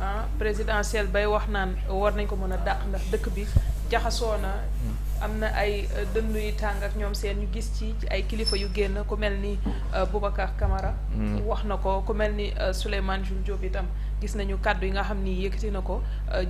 ah présidentielle bay wax naan war nañ ko mën a dàq ndax dëkk bi jaxasoo na hmm. am na ay euh, dënn yu tàng ak ñoom seen ñu gis ci ay kilifa yu génn ku mel ni euh, Boubacar Camara. Mm. wax na ko ku mel ni euh, Souleymane Jules Diop itam gis nañu kàddu yi nga xam ni yëkkati na ko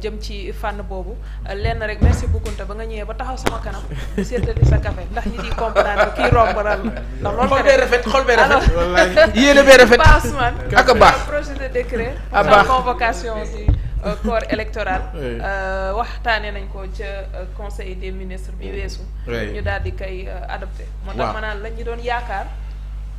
jëm ci fànn boobu lenn rek merci beaucoup Kounta ba nga ñëwee ba taxaw sama kanam bu seetlu sa café ndax ñi di comprendre kii romb ral la. ndax loolu bee rafet xol bee rafet yéene bee rafet. Pape Ousmane ak baax projet de décret. à baax Euh, corps électoral euh, waxtaane nañ ko ca euh, conseil des ministres bi weesu ñu daal di koy adopté moo tax ma naan la ñu doon yaakaar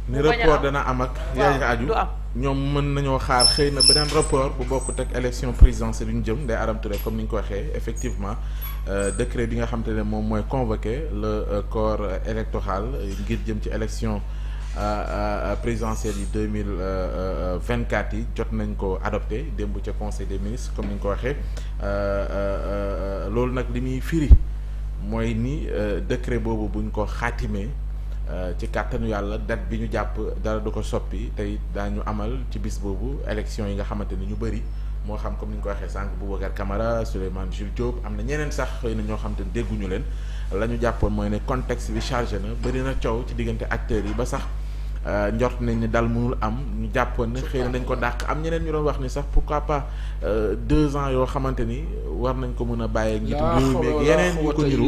ni report dana am ak yaay aju du am ñoom mën nañoo xaar xëy na beneen report bu bokkut ak élection présidentielle bi ñu jëm day Arame Touré comme ni ñu ko waxee effectivement décret bi nga xam te ne moom mooy convoqué le corps électoral ngir jëm ci élection présidentielle yi deux mille vingt quatre yi jot nañ ko adopté démb ca conseil des ministre comme ni ñu ko waxee euh, euh, euh, loolu nag li muy firi mooy ni décret boobu buñ ko xaatimee ci kàttanu yàlla date bi ñu jàpp dara du ko soppi tey daañu amal ci bis boobu élection yi nga xamante ni ñu bëri moo xam comme ni ñu ko waxee sànq Boubacar Camara Souleymane Jules Diop am na ñeneen sax xëy na ñoo xam te dégguñu leen la ñu jàppoon mooy ne contexte bi chargé na bëri na coow ci diggante acteur yi ba sax. Euh, njort nañ ni dal mënul am ñu jàppoon ne xëy dañ ko dàq am ñeneen ñu doon wax ni sax pourquoi pas euh, deux ans yoo xamante ni war nañ ko mën a bàyyi njiitu réew mi ak yeneen yu ko niru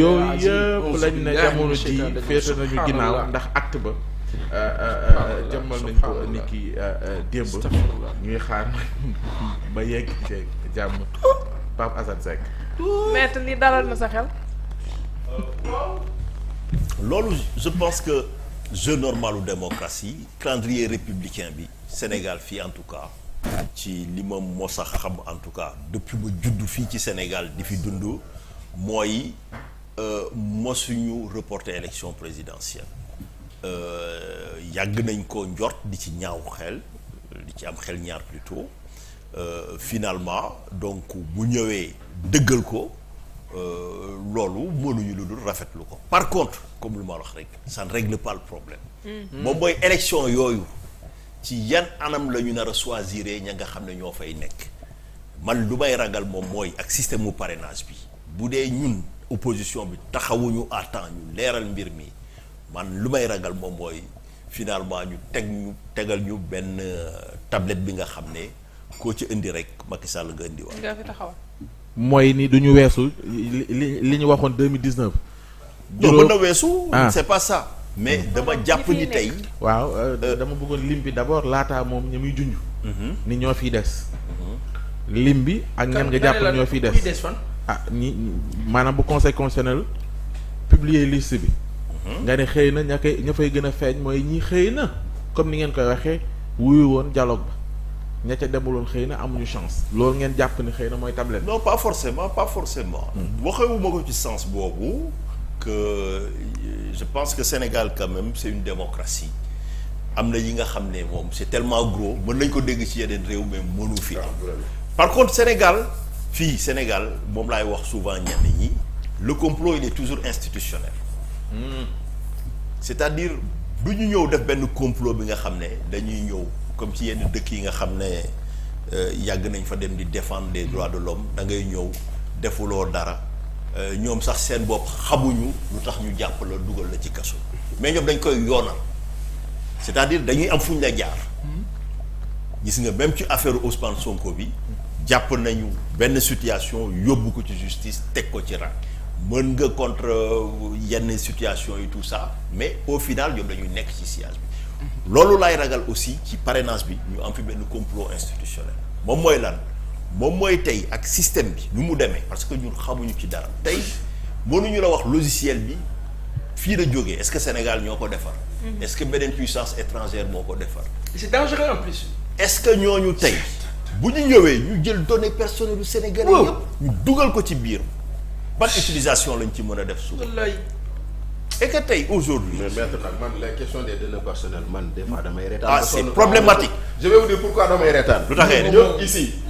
yooyu yëpp lañ ne jamono ji féete nañu ginnaaw ndax acte ba euh, jëmmal nañ ko ni ki démb ñuy xaar ba yegg ci jàmm Pape Assane Seck maître dalal na sa xel loolu je pense que jeu normal u démocratie calendrier républicain bi Sénégal fii en tout cas ci li ma mos a xam en tout cas depuis ma juddu fii ci Sénégal di fi dund mooy euh, mosuñu reporter élection présidentielle euh, yàgg nañ ko njort di ci ñaaw xel di ci am xel ñaar plutôt euh, finalement donc bu ñëwee dëggal ko Euh, loolu mënuñu lu dul rafetlu ko par contre comme lu ma wax rek ça ne règle pas le problème mm-hmm. moom mooy élection yooyu ci yan anam la ñu nar a choisir ña nga xam ne ñoo fay nekk man lu may ragal moom mooy ak système mu parrainage bi bu dee ñun opposition bi taxawuñu à temps ñu leeral mbir mi man lu may ragal moom mooy finalement ñu teg ñu tegal ñu benn euh, tablet bi nga xam ne koo ci indi rek Macky Sall nga indi waat. mooy ni du ñu weesu li li ñu waxoon deux mille dix neuf. mën na weesu. ah c'est pas ça. mais hmm. dama jàpp ni tey. waaw euh, euh, dama bëggoon lim bi d'abord laata moom ñu muy junj. Mhm. ni ñoo fiy des. Mhm. lim bi ak ñan nga jàpp ni ñoo fiy des. ah ñi maanaam bu conseil constitutionnel publier list bi. Mhm. nga ne xëy na ña koy ña fay gën a feeñ mooy ñi xëy na comme ni ngeen koy waxee wuyu woon dialogue ba. ña ca demuloon xëy na amuñu chance. loolu ngeen jàpp ni xëy na mooy tablette. non pas forcément pas forcément. Hmm. waxewuma ko ci sens boobu que je pense que Sénégal quand même c'est une démocratie am na yi nga xam ne moom c'est tellement gros mën nañ ko dégg ci yeneen réew mais mënu fi ah, par contre Sénégal fii Sénégal moom laay wax souvent ñenn ñi le complot il est toujours institutionnel. Hmm. c'est-à-dire du ñu ñëw def benn complot bi nga xam ne dañuy ñëw. comme ci yenn dëkk yi nga xam ne euh, yàgg nañ fa dem di défendre les de l'homme da ngay ñëw defuloo dara euh, ñoom sax seen bopp xabuñu lu tax ñu jàpp la dugal la ci kaso mais ñoom dañ koy yoonal c'est-à-dire dañuy am fuñ la jaar gis nga même ci affaire Ousmane Sonko bi jàpp nañu benn situation yóbbu ko ci justice teg ko ci rang mën nga contre euh, yenn situation yu tout ça mais au final ñoom dañuy nekk ci siège bi loolu laay ragal aussi ci parrainage bi ñu am fi benn complot institutionnel moom mooy lan moom mooy tey ak système bi nu mu demee parce que ñu xamuñu ci dara tey mënuñu la wax logiciel bi fii la jógee est-ce que Sénégal ñoo ko defar. Mm-hmm. est-ce que beneen puissance étrangère moo ko defar. c'est dangereux en plus. est-ce que ñooñu tey bu ñu ñëwee ñu jël données personnelles yu Sénégalais yëpp. ñu dugal ko ci biir ban utilisation lañ ci mën a def suuf. et que tey aujourd'hui mais nag man la question des données personnelles man des damay reetaan ah c'est problématique je vais vous pourquoi damay reetaan lu taxee ñun ici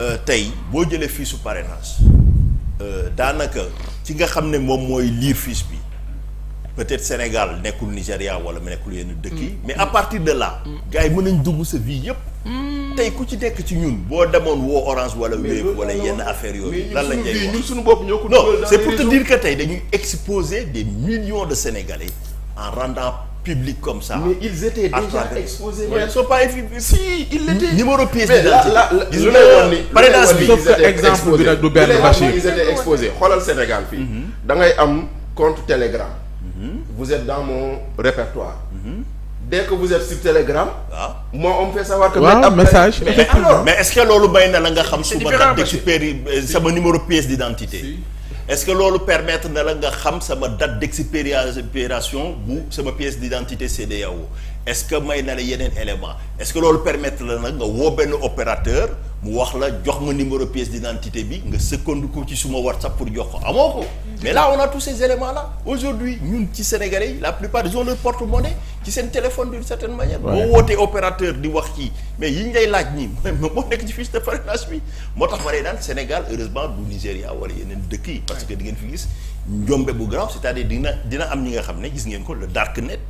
Euh, tey boo jëlee fiisu parrainage euh, daanaka ci nga xam ne moom mooy lire fiche bi peut-être Sénégal nekkul Nigéria wala nekkul yenn dëkk yi. mais à partir de la gars yi mën nañ dugg sa vie yëpp. Hmm. tey ku ci nekk ci ñun boo demoon woo orange wala wéeb wala yenn affaire yooyu. lan lañ lay wax ñun suñu bopp ñoo ko. non c'est pour tey dañuy exposer des millions de Sénégalais en rendant. public comme ça. mais ils étaient déjà exposés. mais ils sont pas si ils l'étaient. numéro pièce d'identité. lu lay wax ni parrainage bi sauf que exemple bi nag du benn Bachir. ils étaient exposés xoolal Sénégal fii. Mhm. da ngay am compte Telegram. Mhm. vous êtes dans mon répertoire. Mhm. dès que vous êtes sur Telegram. waaw ah. moo on fait savoir que. waaw message mais alors mais est-ce que loolu bay na la nga xam. suba kat de euh, sama numéro pièce d'identité. est-ce que loolu permettre na la nga xam sama date d'expiration bu sama pièce d'identité CEDEAO est-ce que may na la yeneen élément est-ce que loolu permettre la nag nga woo benn opérateur mu wax la jox ma numéro pièce d'identité bi nga seconde ko ci suma WhatsApp pour jox ko amoo ko mais là on a tous ces éléments là aujourd'hui ñun ci Sénégalais yi la plupart ils ont porte-monnaie ci seen téléphone d'une certaine manière boo wootee opérateur di mais yi laaj nii moo moo tax ma lay daan Sénégal heureusement du Nigéria wala yeneen dëkk yi parce que di ngeen fi gis njombe bu grave c'est-à-dire dina dina am ñi nga xam ne gis ngeen ko le dark net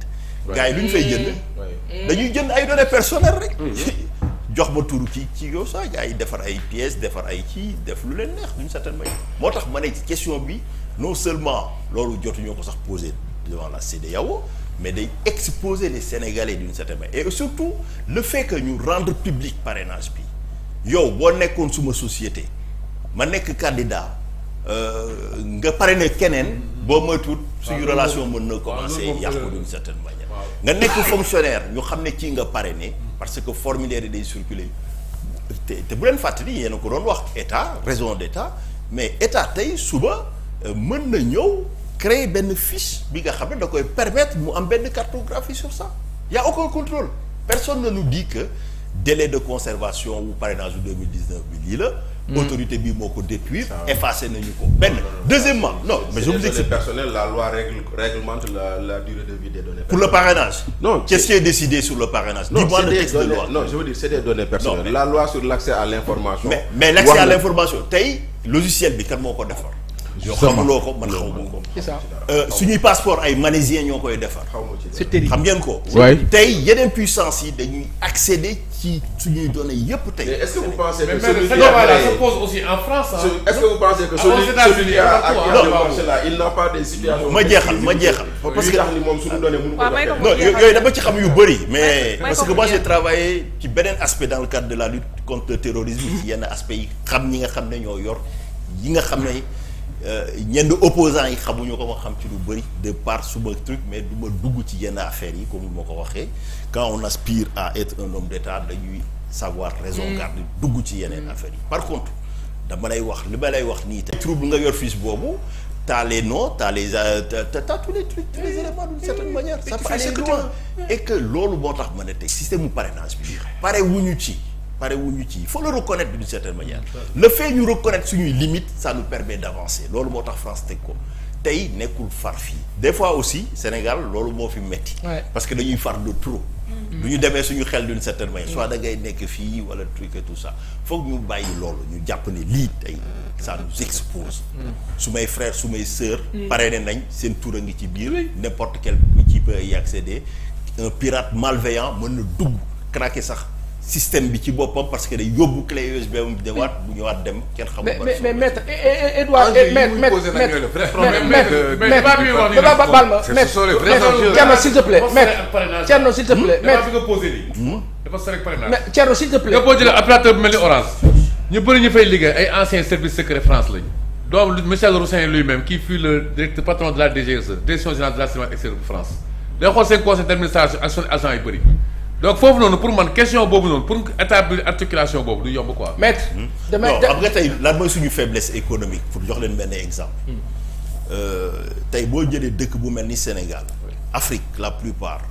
gars yi lu ñu fay jënd. Eh. dañuy jënd ay données personnelles rek. Hmm. jox ma turu kii ci yow saa gars yi defar ay pièces defar ay kii def lu leen neex d'une certaine manière. moo tax ma ne question bi non seulement loolu jotuñoo ko sax posé devant la CEDEAO mais day exposer les Sénégalais d'une certaine manière et surtout le fait ñu rendre public parrainage bi yow boo nekkoon suma société ma nekk candidat euh, nga pare ne keneen. boo moytuwut suñu relation mën na commencé yàqu d'une certaine manière nga nekk fonctionnaire ñu xam ne kii nga pare ni parce que formulaire yi day circuler te te bu leen fàttali yéen a ko doon wax état raison d'état mais état tey suba euh, mën na ñëw créer benn fiche bi nga xam ne da koy permettre mu am benn cartographie sur ça y a aucun contrôle personne na nous dit que délai de conservation ou parrainage bu 2019 bi lii la Mm. autorité bi moo ko détruire effacé nañu ko benn deuxièmement non mais je vous explique personnel la la la durée de vie de loi non la loi sur l'accès à l'information mais l'accès à l'information tey logiciel bi kan moo ko defar yoo xamuloo ko man xaw ma ko euh, suñuy passeport ay malaisiens ñoo koy defar xam ngeen ko tey yeneen puissance yi dañuy accéder ci suñuy données yépp tey. est-ce que vous pensez a se a ma jeexal ma jeexal. parce que ni moom suñu données mënu yooyu dama ci xam yu bëri. mais parce que moi j'ai travaillé ci beneen aspect dans le cadre de la lutte contre le terrorisme. ci yenn aspects yi xam ñi nga xam ne ñoo yor yi nga xam ne. Euh, ñenn opposants yi xamuñoo ko ma xam ci lu bëri de part suma truc mais du ma dugg ci yenn affaires yi comme ma ko waxee quand on aspire à être un homme d'état dañuy savoir raison mm. garder dugg ci yeneen mm. affaires yi par contre dama lay wax li ma lay wax nii te trouble nga yor fiche boobu t'as les noms t'as les euh, t'as tous les trucs tous les mm. éléments d'une certaine manière ça peut aller loin et que loolu moo tax ma ne tey système mu parrainage bi pare wuñu ci pare wuñu ci il faut le reconnaître d'une certaine manière le fait ñu reconnaître suñuy limite saa nous permet d'avancer loolu moo tax France teg ko tey nekkul far fii des fois aussi Sénégal loolu moo fi metti parce que dañuy far de trop mm-hmm. du ñu demee suñu xel d'une certaine manière mm-hmm. soit da nekk fii wala truc et tout ça foog ñu bàyyi loolu ñu jàpp ni lii tey ça nous expose mm-hmm. su may frère su may sœur pare ne nañ seen tur a ngi ci biir n'importe quel qui ci y accéder un pirate malveillant mën na dugg craquer sax système bi ci boppam parce que day yóbbu clé USB am de waat bu ñu waat dem kenn xamul. mais mais maître eh, eh, eh, Edouard Thierno s'il te plaît maître hmm? hmm? Thierno s'il te plaît maître nga posé nii dafa sori parrainage Thierno s'il te plaît nga boo jëlee opérateur bu mel ni Orange ñu bëri ñu fay liggéey ay anciens services secret France lañu doom Michel Roussin lui-même qui fut le directeur patron de la DGSE direction générale de la sécurité extérieure bu France day xool seen conseil d'administration ak seen agent yu bëri donc foofu noonu pour man question boobu noonu pour établir articulation boobu du yomb quoi. maître hmm? damay non xam nga tey lan mooy suñu faiblesse économique pour jox leen benn exemple. Hmm. Euh, tey boo jëlee dëkk bu mel ni Sénégal. Afrique la plupart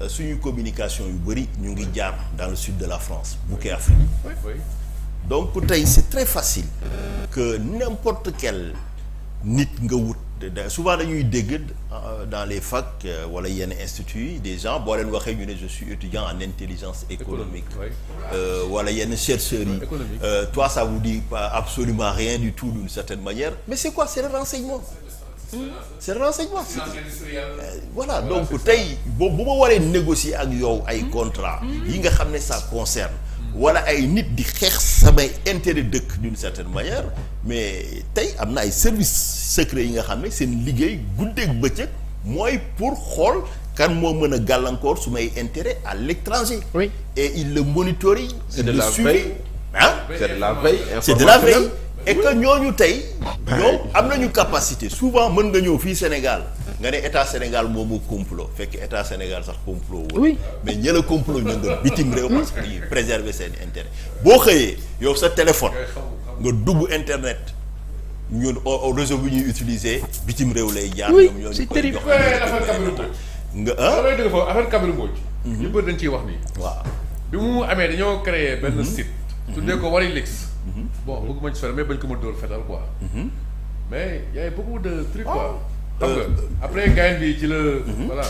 euh, suñu communication yu bëri ñu ngi jaar dans le sud de la France bouquet Afrique. donc tey c'est très facile. que n'importe quel nit nga wut. souvent dañuy dégg euh, dans les facs euh, wala yenn instituts des gens boo leen waxee ñu ne je suis étudiant en intelligence économique euh, wala yenn chercheurs yi toi ça vous dit pas absolument rien du tout d'une certaine manière mais c'est quoi c'est le renseignement hmm? c'est le renseignement voilà donc tey boobu ma waree négocier ak yow ay contrat hmm. yi nga xam ne ça concerne wala ay nit di xeex samay intérêt dëkk d'une certaine manière mais tey am na ay service secret yi nga xam ne seen liggéey guddeeg bëccëg mooy pour xool kan moo mën a gàllankoor su may intérêt à l'étranger et il le monitoring il le suivi c'est de la veille c'est de la veille et que ñooñu tey ñoom am nañu capacité souvent mën nga ñëw fii Sénégal nga ne état Sénégal moomu complot fekk état Sénégal sax complot wul. oui mais ña la complot ñoo nga bitim réew. parce que dañuy préserver seen intérêt. boo xëyee yow sa téléphone. nga dugg internet. ñun au réseau bi ñuy utiliser bitim réew lay jaar. ñoom ñoo ñu koy jox nga ah loolu dëgg foofu affaire Kabir mhm. ñu bëri dañ ciy wax nii. waaw bi mu amee dañoo créer benn mhm. site. Mhm. tuddee ko Warylix. bon bëgguma ci ko ma dóor fetal quoi. mais y xam nga après gain bi ci la. Mhm. voilà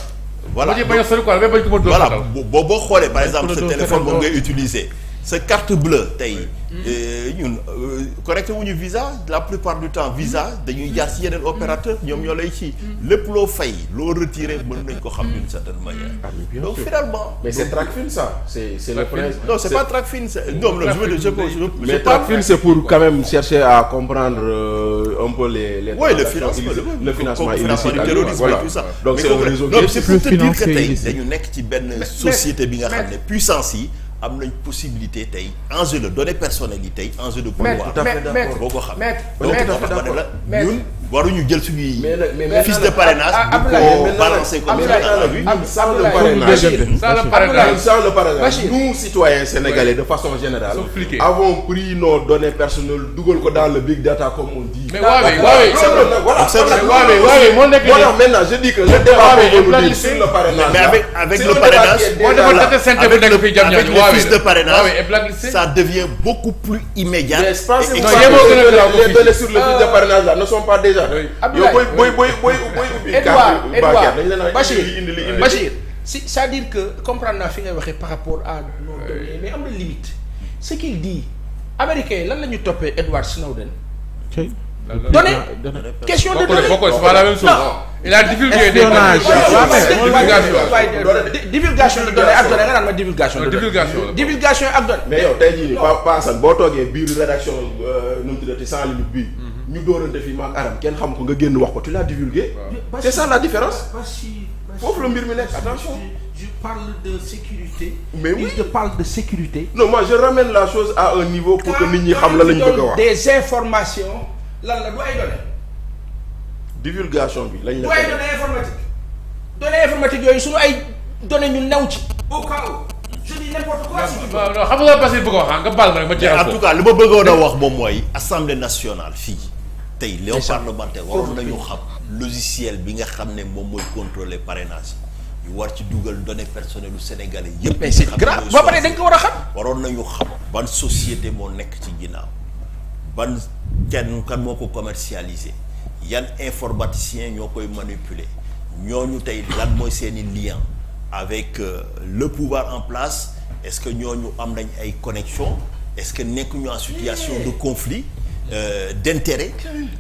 voilà boo a a. dóor voilà xoolee par exemple sa téléphone moom ngay utiliser. sa carte bleue tey euh, ñun euh, correcté wuñu visa la plupart du temps visa mm-hmm. dañuy jaar ci yeneen opérateur mm-hmm. ñoom ñoo lay ci mm-hmm. lépp loo fay loo retiré mën nañ ko xam d'une certaine manière ah, donc finalement mais c'est Tracfin ça c'est c'est c'est pas Tracfin c'est non non c'est pour quand chercher à comprendre euh, un peu le financement le financement c'est pour te dire que tey dañu nekk ci benn société bi nga xam ne puissance yi am nañ possibilité tey enjeu la données personnelles yi tey enjeu de pouvoir boo ko xam donc moo tax ma ne la ñun waruñu jël suñuy. mais nag mais mais fils de parrainage. Ah, Abdoulaye mais balancer comme ça. Abdoulaye sans le parrainage nous citoyens sénégalais de façon générale. avons pris nos données personnelles dugal ko dans le big data comme on dit. mais waawee le débat boobu ñu sur le avec le parrainage. ça devient beaucoup plus immédiat. et les données sur le ah. fils de parrainage là ne sont pas déjà yow booy booy booy booy booy ubbi. Edouard Edouard Bachir Bachir si c'est-à-dire que comprendre naa fi ngay waxee par rapport à nos données mais am na limite ce qu'il dit américains yi lan la ñu toppee Edward Snowden. données question de données bokkul c'est pas la même chose. il a divulgué des données divulgation de données ak données nga naan ma divulgation de données divulgation ak données mais yow tey jii nii Pa Pa Assane boo toogee biir rédaction euh, nu mu tuddati sans limite bii. Hmm. ñu door a def yi aram kenn xam ko nga génn wax ko tu l'as divulgué. c'est ça la différence. foofu la mbir mi nekk attention. je parle de sécurité. mais sécurité. non moi je ramène la chose à un niveau pour que nit ñi xam la lañ bëgg a wax. des informations lan la du ay données. divulgation bi lañ la. du ay données informatique. données informatique ay données ñu new ci. au cas où je dis n'importe quoi. non xam nga parce bëgg a wax ah, nga baal ma rek ma jeexal li ma bëggoon a wax moom mooy assemblée nationale fii. tey léew parlementaire waroon nañu xam logiciel bi nga xam ne moom mooy contrôler parrainage ñu war ci dugal données personnelles u sénégalais yépp mais c'est grave ba pare dañ ko war a xam waroon nañu xam société moo nekk ci ginnaaw ban kenn moo ko commercialisé yan informaticien ñoo koy manipuler ñooñu tey lan mooy seeni lien avec euh, le pouvoir en place est-ce que ñooñu am nañ ay connexion est-ce que nekkuñu en situation de conflit Euh, d'intérêt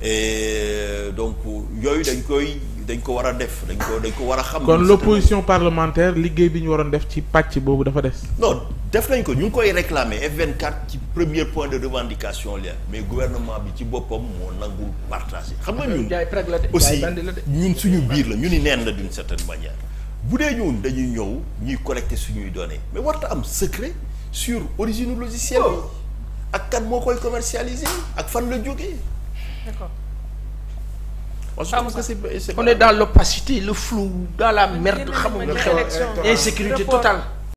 et euh, donc yooyu dañ koy dañ ko war a def dañ ko dañ ko war a xam. kon l'opposition parlementaire liggéey bi ñu waroon def ci pàcc boobu dafa des. non def nañ ko ñu ngi koy réclamer F24 ci premier point de revendication la mais gouvernement bi ci boppam moo nangul partagé. xam nga ñun aussi ñun suñu biir la ñu ni neen la d'une certaine manière. bu dee ñun dañuy ñëw ñuy collecter suñuy données mais warta am secret sur origine bi. Oh. ak kat moo koy commercialiser ak fan la jógee. d'accord. on est dans l'opacité le flou dans la merde xamuñu xew insécurité totale.